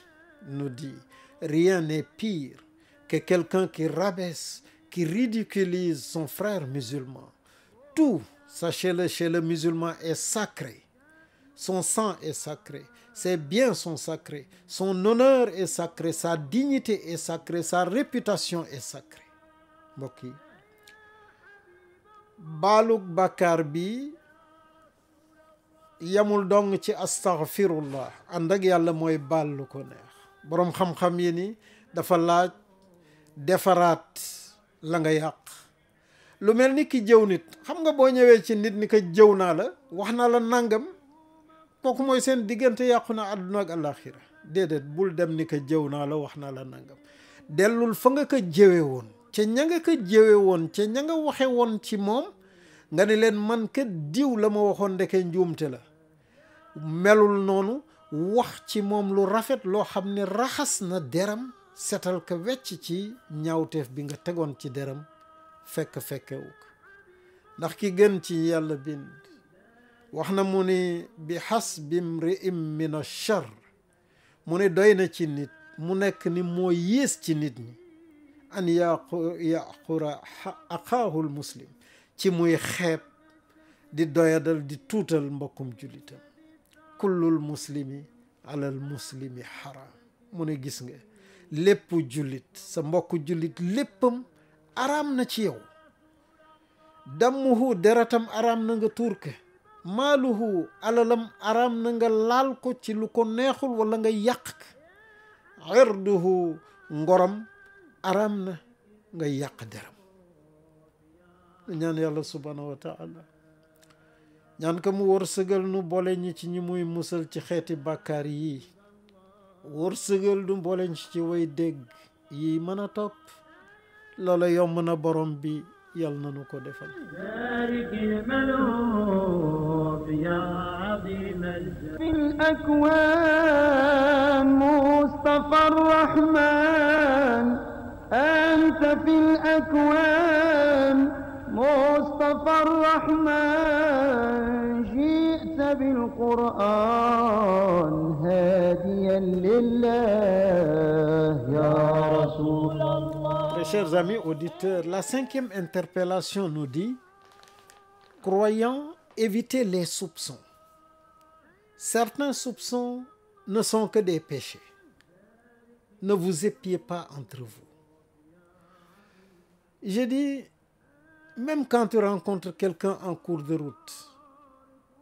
A: nous dit, rien n'est pire que quelqu'un qui rabaisse, qui ridiculise son frère musulman. Tout, sachez-le, chez le musulman est sacré. Son sang est sacré, ses biens sont sacrés, son honneur est sacré, sa dignité est sacrée, sa réputation est sacrée. yamul dong ci astaghfirullah ànd ak yàlla mooy baal ko neex boroom xam-xam yi ni dafa laaj defaraat la nga yàq lu mel ni ki jëw nit xam nga boo ñëwee ci nit ni ko jëw naa la wax naa la nangam kooku mooy seen diggante yàqu na àdduna ak àllaaxira bul dem ni ko jëw naa la wax naa la nangam dellul fa nga ko jëwe woon ca ña nga ko jëwe woon ca ña nga waxe woon ci moom nga ne leen man kat diw la ma waxoon ndeke njuumte la melul noonu wax ci moom lu rafet loo xam ne raxas na deram setal ko wecc ci ñawteef bi nga tegoon ci deram fekk fekkewu ndax ki gën ci yàlla bind wax na mu ni bi hasbi mri'in min ash-sharr mu ne doy na ci nit mu nekk ni moo yées ci nit ñi an yaqura axaahul muslim ci muy xeeb di doyadal di tuutal mbokkum jullitam kullul muslimi alal muslimi mu ne gis nga lépp jullit sa mbokk jullit léppam araam na ci yow dammuhu deratam araam na nga tuur ko maaluhu alalam araam na nga laal ko ci lu ko neexul wala nga yàq ko irduhu ngoram araam na nga yàq deram ñaan yàlla subhaanahu wa ñaan ka mu wërsëgal nu boole ñi ci ñi muy musal ci xeeti bàkkaar yi wërsëgal du boole ñi ci way dégg yi mën a topp loola yomb na borom bi yal na ko defal fi al akwan mustafa arrahman بالقرآن هاديا لله يا رسول الله Mes chers amis auditeurs, la cinquième interpellation nous dit Croyants, évitez les soupçons. Certains soupçons ne sont que des péchés. Ne vous épiez pas entre vous. J'ai dit, même quand tu rencontres quelqu'un en cours de route,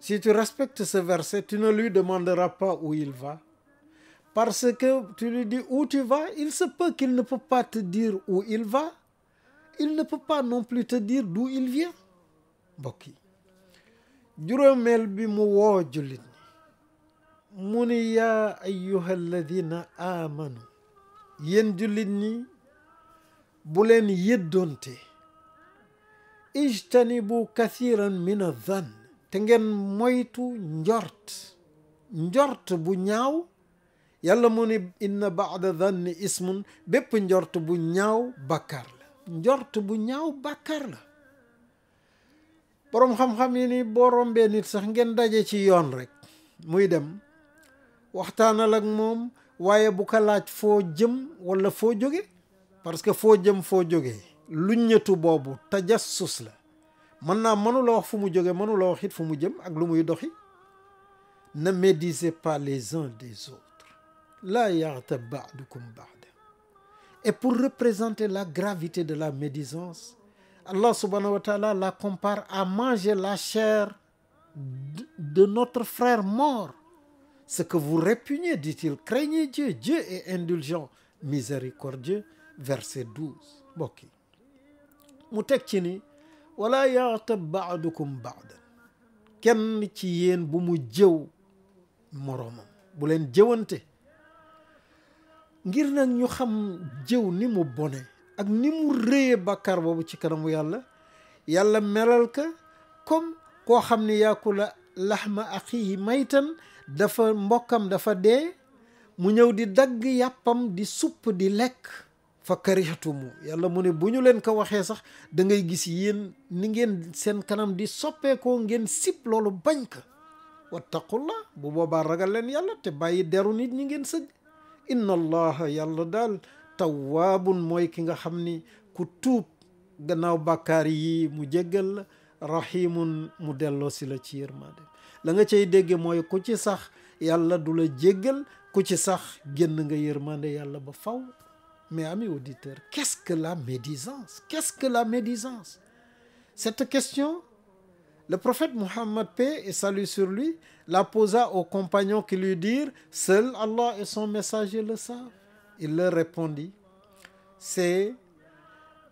A: Si tu respectes ce verset, tu ne lui demanderas pas où il va. Parce que tu lui dis où tu vas, il se peut qu'il ne peut pas te dire où il va. Il ne peut pas non plus te dire d'où il vient. mbokk yi juróomeel bi mu woo jullit ñi mu ni yaa ayyuha alladina aamanu jullit ñi bu leen yëddoonte ijtanibu kathiran min adhan te ngeen moytu njort njort bu ñaaw yàlla mu ni inna baada ni ismun bépp njort bu ñaaw bàkkaar la njort bu ñaaw bàkkaar la boroom xam-xam yi ni boo rombee nit sax ngeen daje ci yoon rek muy dem waxtaanal ak moom waaye bu ko laaj foo jëm walla foo jóge parce que foo jëm foo jóge luññetu boobu tajassus la mën naa mënula wax fu mu jóge mënula wax it fu mu jëm ak lu muy doxi ne médisez pas les uns des autres la yaghtab ba'dukum ba'da et pour représenter la gravité de la médisance Allah subhanahu wa ta'ala la compare à manger la chair de notre frère mort ce que vous répugnez dit-il craignez Dieu Dieu est indulgent miséricordieux verset 12 mbokk wala yaxtab baadukum baadan kenn ci yéen bu mu jëw moroomam bu leen jëwante ngir nag ñu xam jëw ni mu bone ak ni mu rëye bàkkaar boobu ci kanamu yàlla yàlla melal ka comme koo xam ne yaakula laxma axihi maytan dafa mbokkam dafa dee mu ñëw di dagg yàppam di supp di lekk fa karihtumu yàlla mu ne bu ñu leen ko waxee sax da ngay gis yéen ni ngeen seen kanam di soppeekoo ngeen sip loolu bañ ka la bu boobaa ragal leen yàlla te bàyyi deru nit ñi ngeen sëgg inna allaha yàlla daal tawaabun mooy ki nga xam ni ku tuub gannaaw bàkkaar yi mu jéggal la rahimun mu delloo si la ci yërmaande la nga cay dégge mooy ku ci sax yàlla du la jéggal ku ci sax génn nga yërmaande yàlla ba faw Mais amis auditeurs, qu'est-ce que la médisance? Qu'est-ce que la médisance? Cette question, le prophète Mohammed, paix et salut sur lui, la posa aux compagnons qui lui dirent: Seul Allah et son messager le savent. Il leur répondit: C'est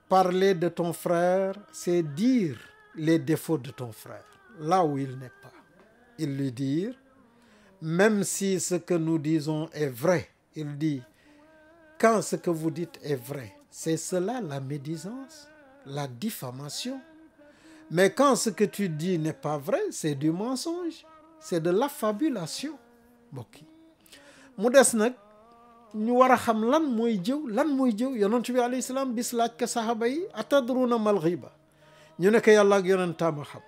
A: parler de ton frère, c'est dire les défauts de ton frère, là où il n'est pas. Ils lui dirent: Même si ce que nous disons est vrai, il dit quand ce que vous dites est vrai, c'est cela la médisance, la diffamation. Mais quand ce que tu dis n'est pas vrai, c'est du mensonge, c'est de l'affabulation mbokk yi mu des nag ñu war a xam lan mooy jëw lan mooy jëw yonent bi alayhi salaam bis laaj ko saxaaba yi atadruna mal ghiba ñu ne ko yàlla ak yonentaama xam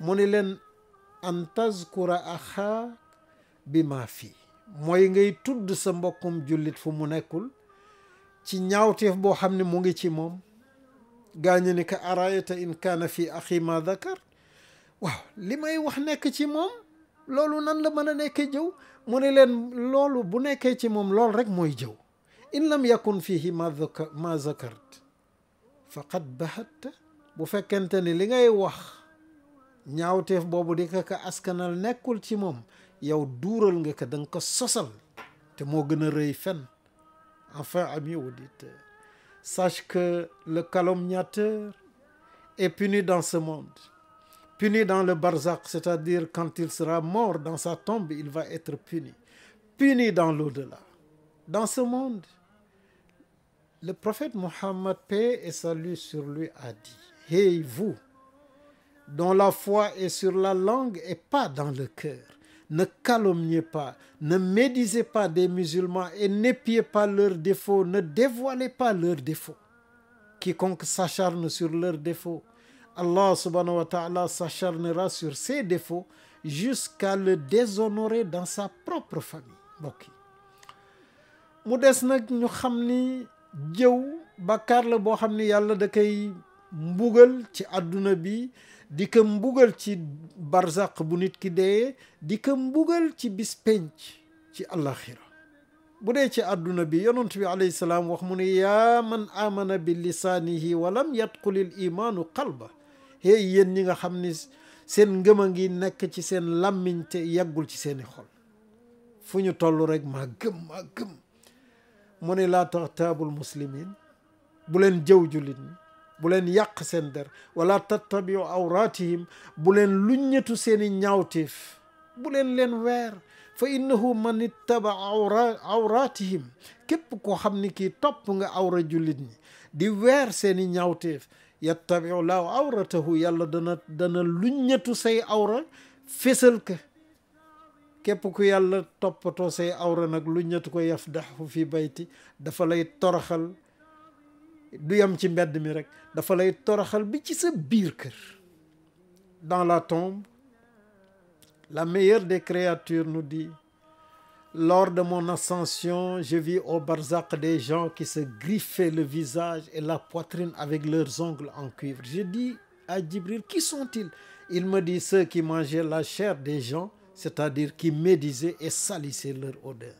A: mu ni leen an tazkura axaa bi ma fii mooy ngay tudd sa mbokkum jullit fu mu nekkul ci ñaawteef boo xam ne mu ngi ci moom gaaña ni ka arayata in kaana fi axi ma dakar waaw li may wax nekk ci moom loolu nan la mën a nekkee jëw mu ne leen loolu bu nekkee ci moom loolu rek mooy jëw in lam yakun fihi ma ma zakart faqad bahatta bu fekkente ni li ngay wax ñaawteef boobu di ka ka askanal nekkul ci moom yow duural nga ko da nga ko sosal te moo gën a rëy fen Enfin, amis auditeurs, sache que le calomniateur est puni dans ce monde, puni dans le barzakh, c'est-à-dire quand il sera mort dans sa tombe, il va être puni, puni dans l'au-delà. Dans ce monde, le prophète Mohammed, paix et salut sur lui, a dit, Hey vous, dont la foi est sur la langue et pas dans le cœur, ne calomniez pas, ne médisez pas des musulmans et n'épiez pas leurs défauts, ne dévoilez pas leurs défauts. Quiconque s'acharne sur leur défauts, Allah subhanahu wa ta'ala s'acharnera sur ses défauts jusqu'à le déshonorer dans sa propre famille mbokk yi mu des nag ñu xam ni jëw bàkkaar la boo xam ni yàlla mbugal ci àdduna bi di ko mbugal ci barzaq bu nit ki dee di ko mbugal ci bis ci àllaxira bu dee ci àdduna bi yonent bi alayhi salaam wax mu ne yaa man amana bi lisaanihi walam yadxulil imaanu qalba hey yéen ñi nga xam ni seen ngëm a ngi nekk ci seen làmmiñ yàggul ci seeni xol fu ñu toll rek maa gëm maa gëm mu ne laa tax taabul muslimin bu leen jëw jullit ñi bu leen yàq seen der wala tattabiu awratihim bu leen luññetu seeni ñaawteef bu leen leen weer fa innahu man ittaba awra awratihim képp koo xam ni kii topp nga awra jullit ñi di weer seeni ñaawteef yattabiu laaw awratahu yàlla dana dana luññetu say awra fésal ka képp ku yàlla toppatoo say awra nag lu luññetu ko yafdahu fi bayti dafa lay toroxal du yem ci mbedd mi rek dafa lay toroxal bi ci sa biir dans la tombe la meilleure des créatures nous dit lors de mon ascension je vis au barzakh des gens qui se griffaient le visage et la poitrine avec leurs ongles en cuivre je dis à Djibril qui sont-ils il me dit ceux qui mangeaient la chair des gens c'est-à-dire qui médisaient et salissaient leur odeur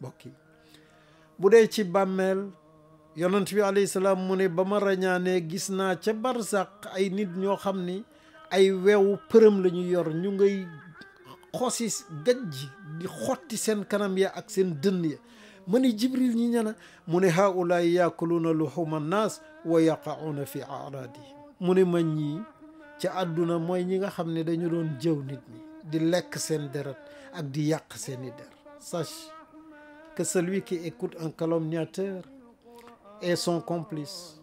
A: mbokk yi ci bàmmeel yonent bi alayhi salaam mu ne ba ma rañaanee gis naa ca barsàq ay nit ñoo xam ni ay weewu përëm la yor ñu ngay xosi gajj di xotti seen kanam ya ak seen dënn ya ma ni jibril ñi ñana mu ne haulaay yaakuluuna luxuma naas wa yaqauna fi aradihim mu ne ma ñii ci àdduna mooy ñi nga xam ne dañu doon jëw nit ñi di lekk seen deret ak di yàq seeni der sache que celui qui écoute un calomniateur et son complice.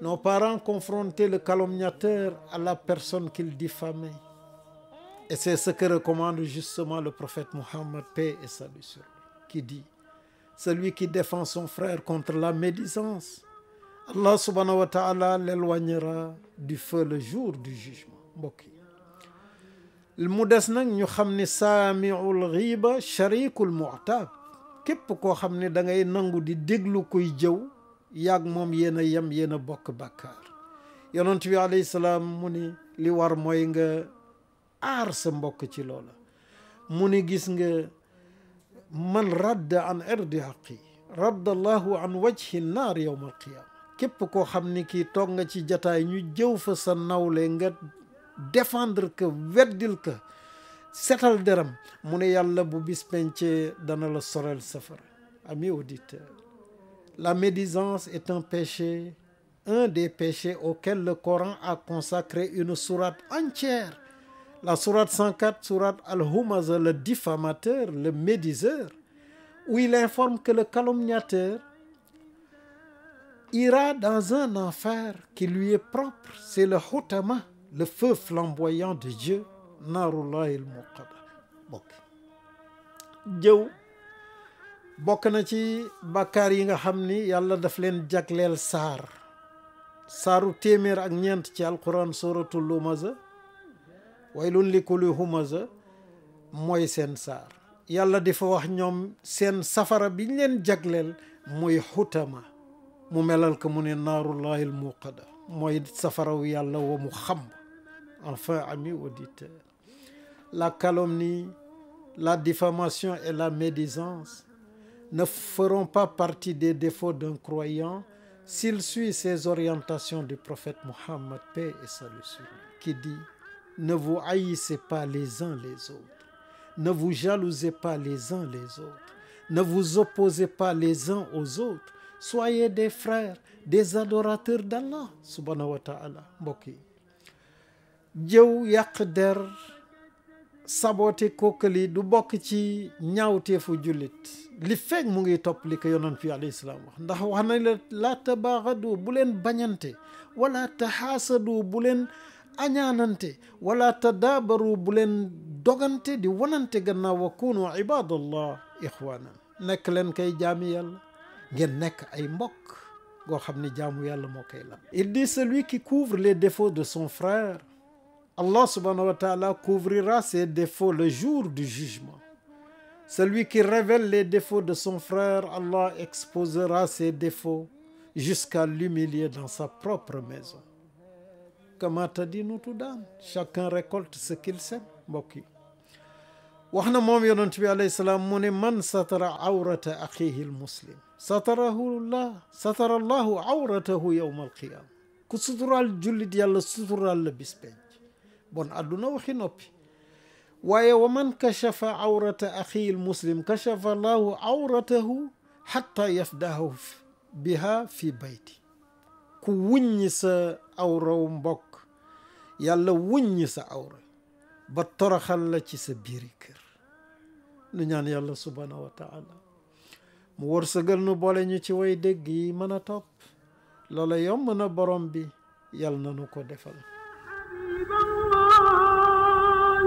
A: Nos parents confrontaient le calomniateur à la personne qu'il diffamait. Et c'est ce que recommande justement le prophète Mohammed, paix et salut qui dit, celui qui défend son frère contre la médisance, Allah subhanahu wa l'éloignera du feu le jour du jugement mbokk yi mu des nag ñu xam ni saamiul ghiba sharikul képp koo xam ne dangay nangu di déglu kuy jëw yàgg moom yéen a yem yéen a bokk bàkkaar yonent bi alayhi salaam mu ni li war mooy nga aar sa mbokk ci loola mu ni gis nga man radda an irdi haqi radda allahu an wajhi naar yowma alqiyaama képp koo xam ni kii toog nga ci jataay ñu jëw fa sa nawle nga défendre que weddil ka setal deram mu ne yàlla bu bis pencee dana la sorel safara ami auditeur la médisance est un péché un des péchés auxquels le Coran a consacré une sourate entière la sourate 104 sourate Al-Humaza le diffamateur le médiseur où il informe que le calomniateur ira dans un enfer qui lui est propre c'est le hotama le feu flamboyant de Dieu naarullaahil muqada bokk jëw bokk na ci bàkkaar yi nga xam ni yàlla daf leen jagleel saar saaru téeméer ak ñeent ci alquran suratul humaza waylun li kulli humaza mooy seen saar yàlla di fa wax ñoom seen safara biñ leen jagleel muy xutama mu melal ko mu ne naarullaahil muqada mooy safaraw yàlla wa mu xam enfin ami auditeur la calomnie, la diffamation et la médisance ne feront pas partie des défauts d'un croyant s'il suit ces orientations du prophète Mohammed, paix et salut sur lui, qui dit ne vous haïssez pas les uns les autres, ne vous jalousez pas les uns les autres, ne vous opposez pas les uns aux autres, soyez des frères, des adorateurs d'Allah subhanahu wa ta'ala mbokk yi sabote kookali du bokk ci ñaawteefu jullit li feeg mu ngi topp li ko yonent bi alayhi salaam wax ndax wax nañ la tabaagadu bu bañante wala taxaasadu bu leen añaanante wala tadaabaru bu dogante di wanante gannaaw wa kunu ibadallah ixwanan nekk leen kay jaami yàlla ngeen nekk ay mbokk goo xam ni jaamu yàlla moo koy lan il dit celui qui couvre les défauts de son frère Allah subhanahu wa ta'ala couvrira ses défauts le jour du jugement. Celui qui révèle les défauts de son frère, Allah exposera ses défauts jusqu'à l'humilier dans sa propre maison. Kama tadinutu daan chacun récolte ce qu'il sème mbokk yi wax na moom yonent bi alayhi salaam mu ne man satara awrata axihi almuslim satarahu llah satara allahu awratahu yowma alqiyama ku suturaal jullit yàlla suturaal la bis bon àdduna waxi noppi waaye wa man kachafa awrata axiil muslim kachafa laahu awratahu xatta yafdahu biha fi bayti ku wuññi sa awraw mbokk yàlla wuññi sa awra ba toroxal la ci sa biiri kër nu ñaan yàlla subhaanahu wa taala mu wërsëgal nu boole ñu ci way dégg yi mën a topp loola yomb na borom bi yal na ko defal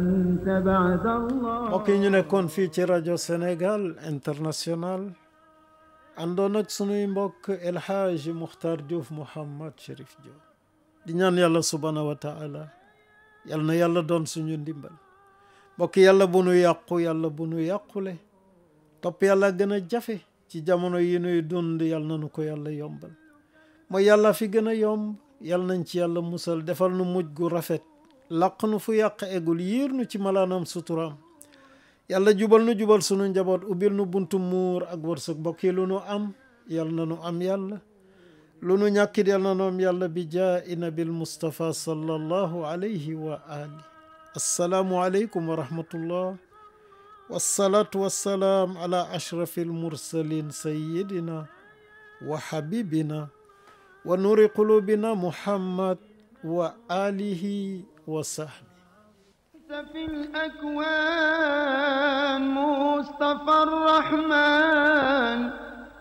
A: mbokk yi ñu nekkoon fii ci rajo Sénégal international àndoon ak sunuy mbokk El Hadji Mukhtar Diouf Mouhammad Chérif di ñaan yàlla subhaanahu wa taala na yàlla doon suñu ndimbal mbokk yàlla bu nu yàqu yàlla bu nu yàqule topp yàlla gën a jafe ci jamono yi nuy dund yal na nu ko yàlla yombal mooy yàlla fi gën a yomb yal musal defal nu mujj gu rafet laq nu fu yàq eggul yiir nu ci malaanam suturaam yàlla jubal nu jubal sunu njaboot ubbil nu buntu muur ak wërsëg mbokk yi lu nu am yal na nu am yàlla lu nu ñàkkit yal na nu am yàlla bi jaa i nabil mustapha sallallahu alayhi wa ali assalaamu aleykum wa rahmatullah wassalaatu wassalaam ala ashrafi almursalin sayidina wa habibina wa nuuri qulubina muhammad wa alihi وصحبه في الأكوان مصطفى الرحمن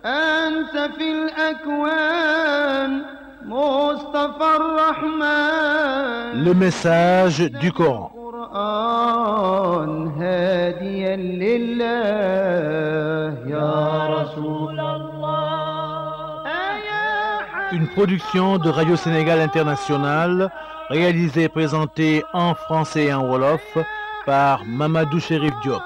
A: أنت في الأكوان مصطفى الرحمن Le message du Coran القرآن هاديا لله يا رسول الله Une production de Radio Sénégal Internationale réalisé et présenté en français et en wolof par Mamadou Chérif Diop.